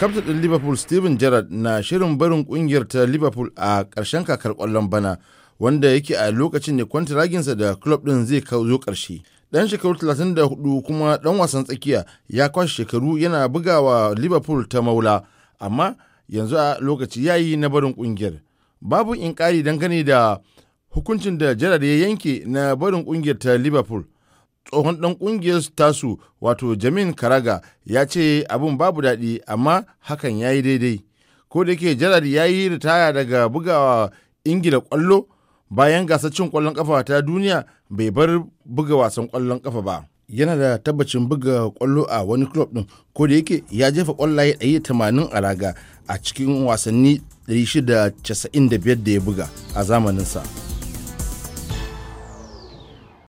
kaftin ɗin liverpool steven gerrard na shirin barin ƙungiyar ta liverpool a ƙarshen kakar ƙwallon bana wanda yake a lokacin ne raginsa da club ɗin zai zo ƙarshe Ɗan shekaru 34 kuma ɗan wasan tsakiya ya kwashe shekaru yana bugawa liverpool ta maula amma yanzu a lokaci yayi na barin ƙungiyar, babu inkari dangane da hukuncin da Gerrard ya yanke na barin kungiyar ta liverpool tsohon ɗan ƙungiyar tasu wato jamin karaga ya ce abin babu daɗi amma hakan ya yi daidai ko da ke jarar ya yi ritaya daga bugawa ingila ƙwallo bayan gasar cin ƙwallon ƙafa ta duniya bai bar buga wasan ƙwallon ƙafa ba yana da tabbacin buga ƙwallo a wani club ɗin ko da yake ya jefa ƙwallaye 80% a raga a cikin wasanni 695 da ya buga a zamaninsa.